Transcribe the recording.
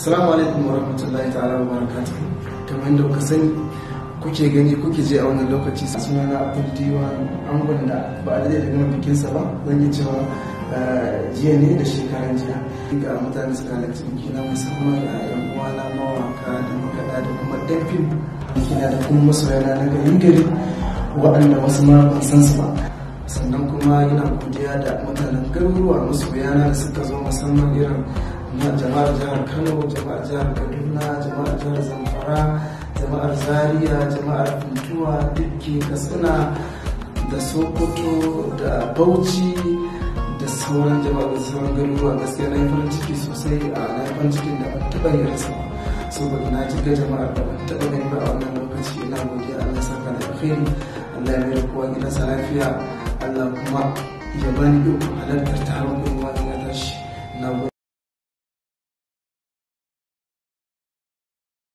assalamu alaikum wa rahmatullahi ta'ala wa barakatuh kamar yadda kuka sani kuke gani kuke je a wannan lokaci suna na abdul diwan angon da ba a daidai da bikin sa ba zan yi cewa eh, jiya ne da shekaran jiya ga mutane suka halarci na musamman da yan uwa na mawaka da makaɗa da kuma ɗan fim bikina da kuma masoyana na garin gari waɗanda wasu ma ban san su ba sannan kuma yana godiya da mutanen garuruwa masoyana da suka zo musamman irin na jama'ar jihar kano jama'ar jihar kaduna jama'ar jihar zamfara jama'ar zaria jama'ar fintuwa dukki katsina da sokoto da bauchi da sauran jama'ar sauran garuruwa gaskiya na farin ciki sosai a na cikin da ban taɓa yi rasa saboda na ji ga jama'ar da ban taɓa gani ba a wannan lokaci ina godiya allah saka da alheri allah ya mai da kowa gidansa lafiya allah kuma ya bani ikon halartar taron